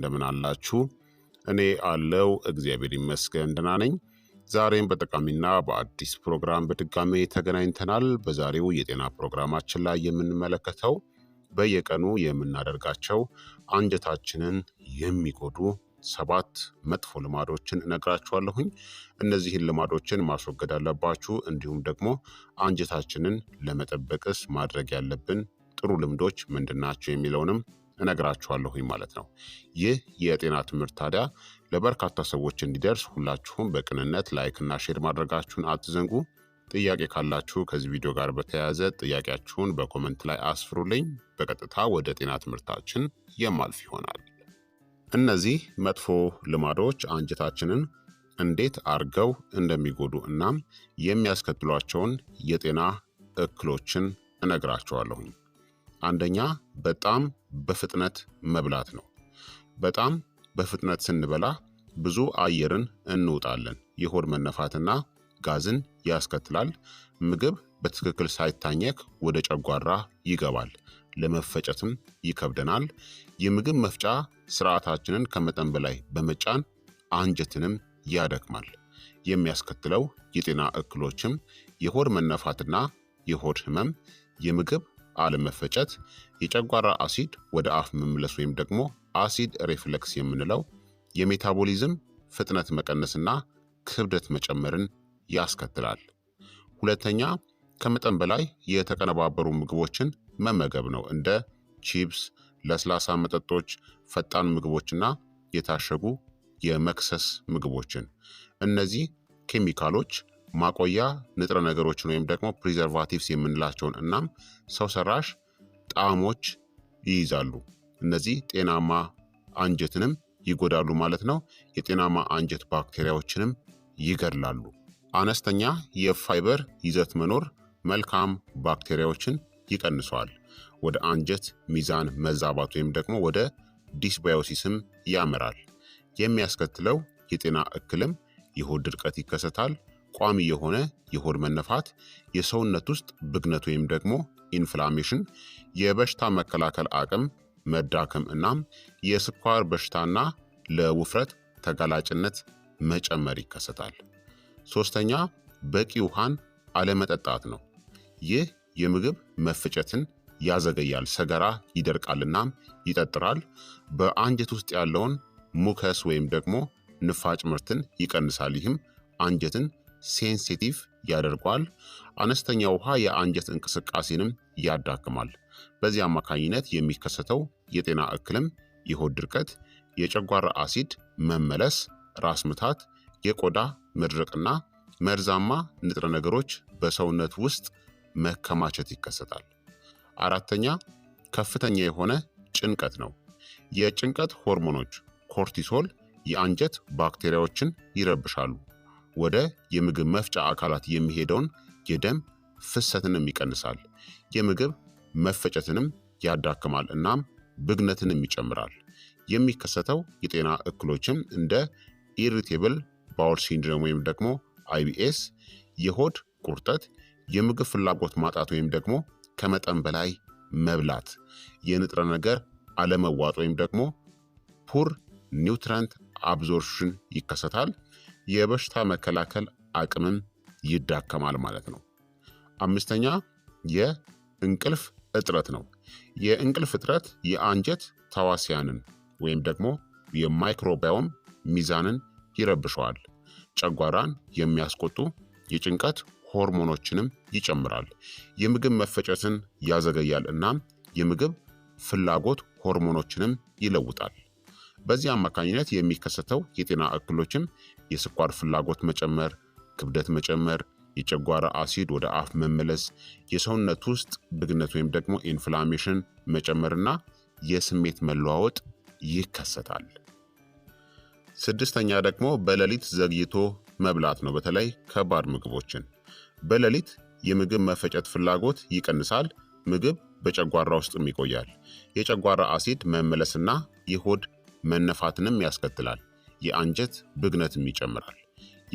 እንደምን አላችሁ? እኔ አለው እግዚአብሔር ይመስገን ደህና ነኝ። ዛሬም በጠቃሚና በአዲስ ፕሮግራም በድጋሜ ተገናኝተናል። በዛሬው የጤና ፕሮግራማችን ላይ የምንመለከተው በየቀኑ የምናደርጋቸው አንጀታችንን የሚጎዱ ሰባት መጥፎ ልማዶችን እነግራችኋለሁኝ። እነዚህን ልማዶችን ማስወገድ አለባችሁ። እንዲሁም ደግሞ አንጀታችንን ለመጠበቅስ ማድረግ ያለብን ጥሩ ልምዶች ምንድናቸው የሚለውንም እነግራችኋለሁኝ ማለት ነው። ይህ የጤና ትምህርት ታዲያ ለበርካታ ሰዎች እንዲደርስ ሁላችሁም በቅንነት ላይክና ሼር ማድረጋችሁን አትዘንጉ። ጥያቄ ካላችሁ ከዚህ ቪዲዮ ጋር በተያያዘ ጥያቄያችሁን በኮመንት ላይ አስፍሩልኝ። በቀጥታ ወደ ጤና ትምህርታችን የማልፍ ይሆናል። እነዚህ መጥፎ ልማዶች አንጀታችንን እንዴት አርገው እንደሚጎዱ እናም የሚያስከትሏቸውን የጤና እክሎችን እነግራቸዋለሁኝ። አንደኛ በጣም በፍጥነት መብላት ነው። በጣም በፍጥነት ስንበላ ብዙ አየርን እንውጣለን። የሆድ መነፋትና ጋዝን ያስከትላል። ምግብ በትክክል ሳይታኘክ ወደ ጨጓራ ይገባል፣ ለመፈጨትም ይከብደናል። የምግብ መፍጫ ስርዓታችንን ከመጠን በላይ በመጫን አንጀትንም ያደክማል። የሚያስከትለው የጤና እክሎችም የሆድ መነፋትና የሆድ ህመም፣ የምግብ አለመፈጨት፣ የጨጓራ አሲድ ወደ አፍ መመለስ ወይም ደግሞ አሲድ ሪፍሌክስ የምንለው፣ የሜታቦሊዝም ፍጥነት መቀነስና ክብደት መጨመርን ያስከትላል። ሁለተኛ ከመጠን በላይ የተቀነባበሩ ምግቦችን መመገብ ነው። እንደ ቺፕስ፣ ለስላሳ መጠጦች፣ ፈጣን ምግቦችና የታሸጉ የመክሰስ ምግቦችን። እነዚህ ኬሚካሎች ማቆያ ንጥረ ነገሮችን ወይም ደግሞ ፕሪዘርቫቲቭስ የምንላቸውን እናም ሰው ሰራሽ ጣዕሞች ይይዛሉ። እነዚህ ጤናማ አንጀትንም ይጎዳሉ ማለት ነው። የጤናማ አንጀት ባክቴሪያዎችንም ይገድላሉ። አነስተኛ የፋይበር ይዘት መኖር መልካም ባክቴሪያዎችን ይቀንሰዋል። ወደ አንጀት ሚዛን መዛባት ወይም ደግሞ ወደ ዲስባዮሲስም ያመራል። የሚያስከትለው የጤና እክልም የሆድ ድርቀት ይከሰታል። ቋሚ የሆነ የሆድ መነፋት፣ የሰውነት ውስጥ ብግነት ወይም ደግሞ ኢንፍላሜሽን፣ የበሽታ መከላከል አቅም መዳከም እናም የስኳር በሽታና ለውፍረት ተጋላጭነት መጨመር ይከሰታል። ሶስተኛ በቂ ውሃን አለመጠጣት ነው። ይህ የምግብ መፍጨትን ያዘገያል፣ ሰገራ ይደርቃል እናም ይጠጥራል። በአንጀት ውስጥ ያለውን ሙከስ ወይም ደግሞ ንፋጭ ምርትን ይቀንሳል። ይህም አንጀትን ሴንሲቲቭ ያደርጓል። አነስተኛ ውሃ የአንጀት እንቅስቃሴንም ያዳክማል። በዚህ አማካኝነት የሚከሰተው የጤና እክልም የሆድ ድርቀት፣ የጨጓራ አሲድ መመለስ፣ ራስ ምታት፣ የቆዳ መድረቅና መርዛማ ንጥረ ነገሮች በሰውነት ውስጥ መከማቸት ይከሰታል። አራተኛ ከፍተኛ የሆነ ጭንቀት ነው። የጭንቀት ሆርሞኖች ኮርቲሶል የአንጀት ባክቴሪያዎችን ይረብሻሉ። ወደ የምግብ መፍጫ አካላት የሚሄደውን የደም ፍሰትንም ይቀንሳል። የምግብ መፈጨትንም ያዳክማል፣ እናም ብግነትንም ይጨምራል። የሚከሰተው የጤና እክሎችም እንደ ኢሪቴብል ባውል ሲንድሮም ወይም ደግሞ አይቢኤስ፣ የሆድ ቁርጠት፣ የምግብ ፍላጎት ማጣት ወይም ደግሞ ከመጠን በላይ መብላት፣ የንጥረ ነገር አለመዋጥ ወይም ደግሞ ፑር ኒውትረንት አብዞርሽን ይከሰታል። የበሽታ መከላከል አቅምም ይዳከማል ማለት ነው። አምስተኛ የእንቅልፍ እጥረት ነው። የእንቅልፍ እጥረት የአንጀት ተዋሲያንን ወይም ደግሞ የማይክሮባዮም ሚዛንን ይረብሸዋል። ጨጓራን የሚያስቆጡ የጭንቀት ሆርሞኖችንም ይጨምራል። የምግብ መፈጨትን ያዘገያል እናም የምግብ ፍላጎት ሆርሞኖችንም ይለውጣል። በዚህ አማካኝነት የሚከሰተው የጤና እክሎችም የስኳር ፍላጎት መጨመር፣ ክብደት መጨመር፣ የጨጓራ አሲድ ወደ አፍ መመለስ፣ የሰውነት ውስጥ ብግነት ወይም ደግሞ ኢንፍላሜሽን መጨመርና የስሜት መለዋወጥ ይከሰታል። ስድስተኛ ደግሞ በሌሊት ዘግይቶ መብላት ነው። በተለይ ከባድ ምግቦችን በሌሊት የምግብ መፈጨት ፍላጎት ይቀንሳል። ምግብ በጨጓራ ውስጥም ይቆያል። የጨጓራ አሲድ መመለስና የሆድ መነፋትንም ያስከትላል። የአንጀት ብግነትም ይጨምራል።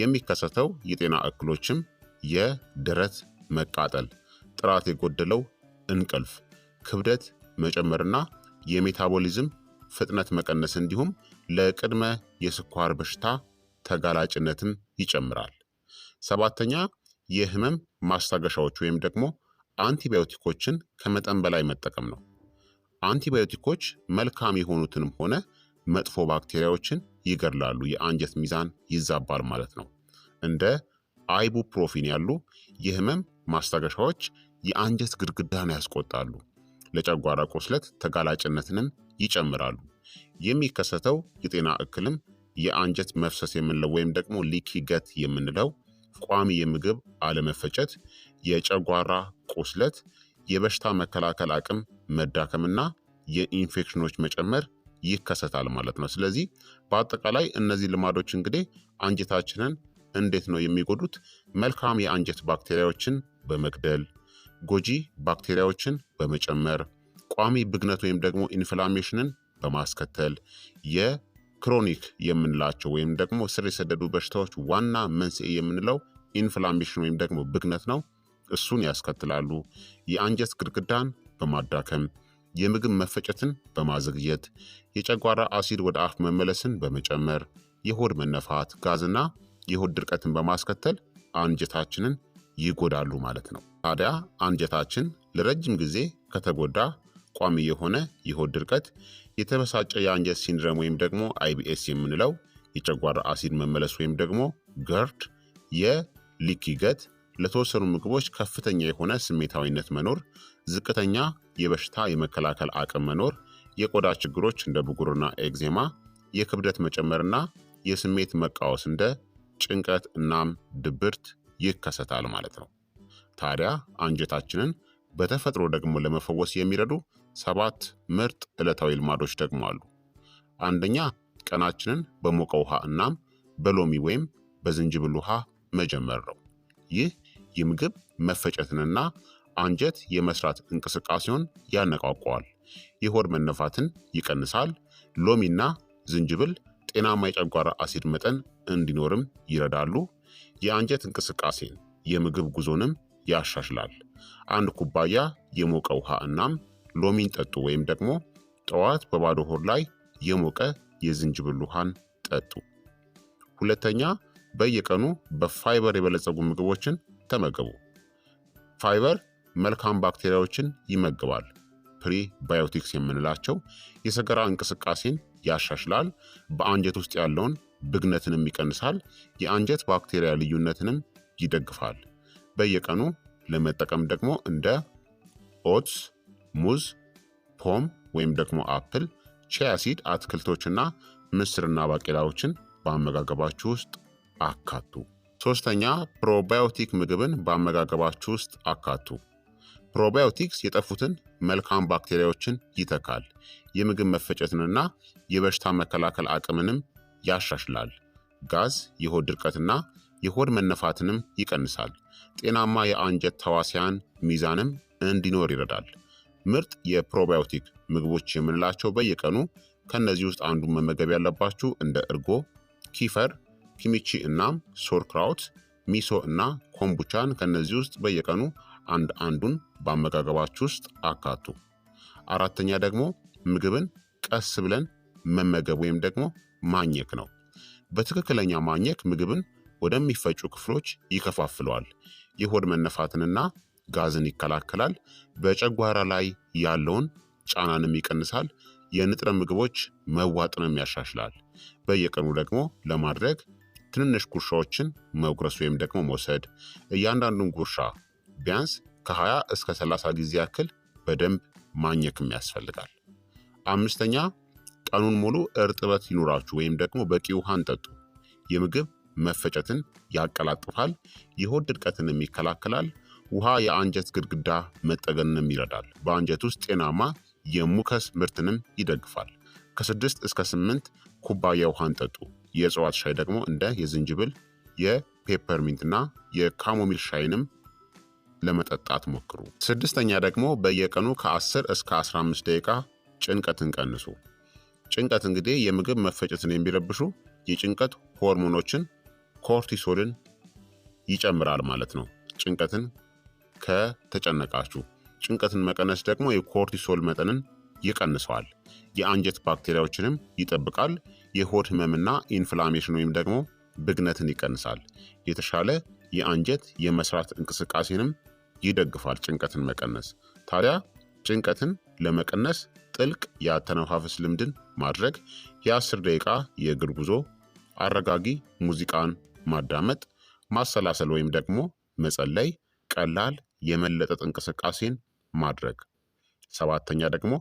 የሚከሰተው የጤና እክሎችም የደረት መቃጠል፣ ጥራት የጎደለው እንቅልፍ፣ ክብደት መጨመርና የሜታቦሊዝም ፍጥነት መቀነስ እንዲሁም ለቅድመ የስኳር በሽታ ተጋላጭነትን ይጨምራል። ሰባተኛ የህመም ማስታገሻዎች ወይም ደግሞ አንቲባዮቲኮችን ከመጠን በላይ መጠቀም ነው። አንቲባዮቲኮች መልካም የሆኑትንም ሆነ መጥፎ ባክቴሪያዎችን ይገድላሉ። የአንጀት ሚዛን ይዛባል ማለት ነው። እንደ አይቡፕሮፊን ያሉ የህመም ማስታገሻዎች የአንጀት ግድግዳን ያስቆጣሉ፣ ለጨጓራ ቁስለት ተጋላጭነትንም ይጨምራሉ። የሚከሰተው የጤና እክልም የአንጀት መፍሰስ የምንለው ወይም ደግሞ ሊኪ ገት የምንለው ቋሚ የምግብ አለመፈጨት፣ የጨጓራ ቁስለት፣ የበሽታ መከላከል አቅም መዳከምና የኢንፌክሽኖች መጨመር ይከሰታል ማለት ነው። ስለዚህ በአጠቃላይ እነዚህ ልማዶች እንግዲህ አንጀታችንን እንዴት ነው የሚጎዱት? መልካም የአንጀት ባክቴሪያዎችን በመግደል ጎጂ ባክቴሪያዎችን በመጨመር ቋሚ ብግነት ወይም ደግሞ ኢንፍላሜሽንን በማስከተል የክሮኒክ የምንላቸው ወይም ደግሞ ስር የሰደዱ በሽታዎች ዋና መንስኤ የምንለው ኢንፍላሜሽን ወይም ደግሞ ብግነት ነው። እሱን ያስከትላሉ። የአንጀት ግድግዳን በማዳከም የምግብ መፈጨትን በማዘግየት የጨጓራ አሲድ ወደ አፍ መመለስን በመጨመር የሆድ መነፋት፣ ጋዝና የሆድ ድርቀትን በማስከተል አንጀታችንን ይጎዳሉ ማለት ነው። ታዲያ አንጀታችን ለረጅም ጊዜ ከተጎዳ ቋሚ የሆነ የሆድ ድርቀት፣ የተበሳጨ የአንጀት ሲንድረም ወይም ደግሞ አይቢኤስ የምንለው የጨጓራ አሲድ መመለስ ወይም ደግሞ ገርድ፣ የሊኪገት ለተወሰኑ ምግቦች ከፍተኛ የሆነ ስሜታዊነት መኖር፣ ዝቅተኛ የበሽታ የመከላከል አቅም መኖር፣ የቆዳ ችግሮች እንደ ብጉርና ኤግዜማ፣ የክብደት መጨመርና የስሜት መቃወስ እንደ ጭንቀት እናም ድብርት ይከሰታል ማለት ነው። ታዲያ አንጀታችንን በተፈጥሮ ደግሞ ለመፈወስ የሚረዱ ሰባት ምርጥ ዕለታዊ ልማዶች ደግሞ አሉ። አንደኛ ቀናችንን በሞቀ ውሃ እናም በሎሚ ወይም በዝንጅብል ውሃ መጀመር ነው። ይህ የምግብ መፈጨትንና አንጀት የመስራት እንቅስቃሴውን ያነቃቋዋል፣ የሆድ መነፋትን ይቀንሳል። ሎሚና ዝንጅብል ጤናማ የጨጓራ አሲድ መጠን እንዲኖርም ይረዳሉ። የአንጀት እንቅስቃሴን የምግብ ጉዞንም ያሻሽላል። አንድ ኩባያ የሞቀ ውሃ እናም ሎሚን ጠጡ ወይም ደግሞ ጠዋት በባዶ ሆድ ላይ የሞቀ የዝንጅብል ውሃን ጠጡ። ሁለተኛ በየቀኑ በፋይበር የበለጸጉ ምግቦችን ተመገቡ። ፋይበር መልካም ባክቴሪያዎችን ይመግባል። ፕሪባዮቲክስ የምንላቸው የሰገራ እንቅስቃሴን ያሻሽላል፣ በአንጀት ውስጥ ያለውን ብግነትንም ይቀንሳል፣ የአንጀት ባክቴሪያ ልዩነትንም ይደግፋል። በየቀኑ ለመጠቀም ደግሞ እንደ ኦትስ፣ ሙዝ፣ ፖም ወይም ደግሞ አፕል፣ ቺያ ሲድ አትክልቶችና ምስርና ባቄላዎችን በአመጋገባችሁ ውስጥ አካቱ። ሶስተኛ ፕሮባዮቲክ ምግብን በአመጋገባችሁ ውስጥ አካቱ። ፕሮባዮቲክስ የጠፉትን መልካም ባክቴሪያዎችን ይተካል። የምግብ መፈጨትንና የበሽታ መከላከል አቅምንም ያሻሽላል። ጋዝ፣ የሆድ ድርቀትና የሆድ መነፋትንም ይቀንሳል። ጤናማ የአንጀት ተዋሲያን ሚዛንም እንዲኖር ይረዳል። ምርጥ የፕሮባዮቲክ ምግቦች የምንላቸው በየቀኑ ከእነዚህ ውስጥ አንዱ መመገብ ያለባችሁ እንደ እርጎ፣ ኪፈር፣ ኪሚቺ እናም ሶርክራውት፣ ሚሶ እና ኮምቡቻን ከእነዚህ ውስጥ በየቀኑ አንድ አንዱን በአመጋገባችሁ ውስጥ አካቱ። አራተኛ ደግሞ ምግብን ቀስ ብለን መመገብ ወይም ደግሞ ማኘክ ነው። በትክክለኛ ማኘክ ምግብን ወደሚፈጩ ክፍሎች ይከፋፍለዋል። የሆድ መነፋትንና ጋዝን ይከላከላል። በጨጓራ ላይ ያለውን ጫናንም ይቀንሳል። የንጥረ ምግቦች መዋጥንም ያሻሽላል። በየቀኑ ደግሞ ለማድረግ ትንንሽ ጉርሻዎችን መጉረስ ወይም ደግሞ መውሰድ እያንዳንዱን ጉርሻ ቢያንስ ከ20 እስከ 30 ጊዜ ያክል በደንብ ማኘክም ያስፈልጋል። አምስተኛ ቀኑን ሙሉ እርጥበት ይኑራችሁ ወይም ደግሞ በቂ ውሃን ጠጡ። የምግብ መፈጨትን ያቀላጥፋል፣ የሆድ ድርቀትንም ይከላከላል። ውሃ የአንጀት ግድግዳ መጠገንንም ይረዳል። በአንጀት ውስጥ ጤናማ የሙከስ ምርትንም ይደግፋል። ከስድስት እስከ ስምንት ኩባያ ውሃን ጠጡ። የእጽዋት ሻይ ደግሞ እንደ የዝንጅብል የፔፐርሚንትና የካሞሚል ሻይንም ለመጠጣት ሞክሩ። ስድስተኛ ደግሞ በየቀኑ ከ10 እስከ 15 ደቂቃ ጭንቀትን ቀንሱ። ጭንቀት እንግዲህ የምግብ መፈጨትን የሚረብሹ የጭንቀት ሆርሞኖችን ኮርቲሶልን ይጨምራል ማለት ነው። ጭንቀትን ከተጨነቃችሁ ጭንቀትን መቀነስ ደግሞ የኮርቲሶል መጠንን ይቀንሰዋል። የአንጀት ባክቴሪያዎችንም ይጠብቃል። የሆድ ህመምና ኢንፍላሜሽን ወይም ደግሞ ብግነትን ይቀንሳል። የተሻለ የአንጀት የመስራት እንቅስቃሴንም ይደግፋል ጭንቀትን መቀነስ። ታዲያ ጭንቀትን ለመቀነስ ጥልቅ የአተነፋፈስ ልምድን ማድረግ፣ የአስር ደቂቃ የእግር ጉዞ፣ አረጋጊ ሙዚቃን ማዳመጥ፣ ማሰላሰል ወይም ደግሞ መጸለይ፣ ቀላል የመለጠጥ እንቅስቃሴን ማድረግ። ሰባተኛ ደግሞ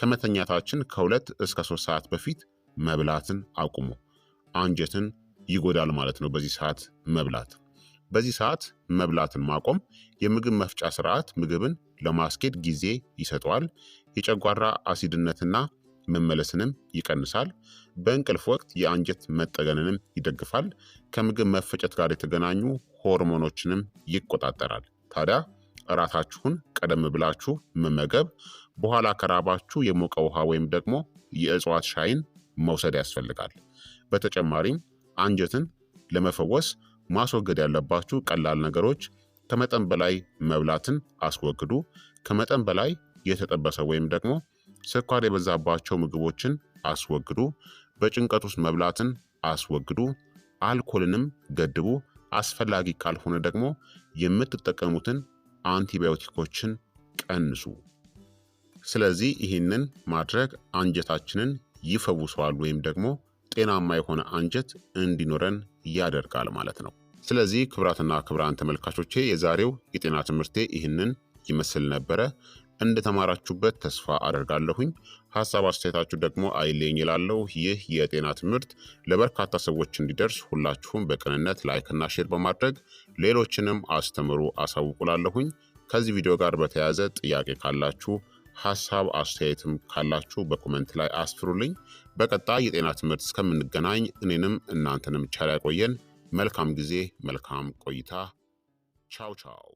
ከመተኛታችን ከሁለት እስከ ሶስት ሰዓት በፊት መብላትን አቁሙ። አንጀትን ይጎዳል ማለት ነው በዚህ ሰዓት መብላት። በዚህ ሰዓት መብላትን ማቆም የምግብ መፍጫ ስርዓት ምግብን ለማስኬድ ጊዜ ይሰጠዋል። የጨጓራ አሲድነትና መመለስንም ይቀንሳል። በእንቅልፍ ወቅት የአንጀት መጠገንንም ይደግፋል። ከምግብ መፈጨት ጋር የተገናኙ ሆርሞኖችንም ይቆጣጠራል። ታዲያ እራታችሁን ቀደም ብላችሁ መመገብ፣ በኋላ ከራባችሁ የሞቀ ውሃ ወይም ደግሞ የእጽዋት ሻይን መውሰድ ያስፈልጋል። በተጨማሪም አንጀትን ለመፈወስ ማስወገድ ያለባችሁ ቀላል ነገሮች ከመጠን በላይ መብላትን አስወግዱ። ከመጠን በላይ የተጠበሰ ወይም ደግሞ ስኳር የበዛባቸው ምግቦችን አስወግዱ። በጭንቀት ውስጥ መብላትን አስወግዱ። አልኮልንም ገድቡ። አስፈላጊ ካልሆነ ደግሞ የምትጠቀሙትን አንቲባዮቲኮችን ቀንሱ። ስለዚህ ይህንን ማድረግ አንጀታችንን ይፈውሰዋል ወይም ደግሞ ጤናማ የሆነ አንጀት እንዲኖረን ያደርጋል ማለት ነው። ስለዚህ ክብራትና ክብራን ተመልካቾቼ የዛሬው የጤና ትምህርቴ ይህንን ይመስል ነበረ። እንደተማራችሁበት ተስፋ አደርጋለሁኝ። ሀሳብ አስተያየታችሁ ደግሞ አይሌኝ ይላለው። ይህ የጤና ትምህርት ለበርካታ ሰዎች እንዲደርስ ሁላችሁም በቅንነት ላይክና ሼር በማድረግ ሌሎችንም አስተምሩ አሳውቁላለሁኝ። ከዚህ ቪዲዮ ጋር በተያያዘ ጥያቄ ካላችሁ ሀሳብ አስተያየትም ካላችሁ በኮመንት ላይ አስፍሩልኝ። በቀጣይ የጤና ትምህርት እስከምንገናኝ እኔንም እናንተንም ቻላ ያቆየን። መልካም ጊዜ፣ መልካም ቆይታ። ቻው ቻው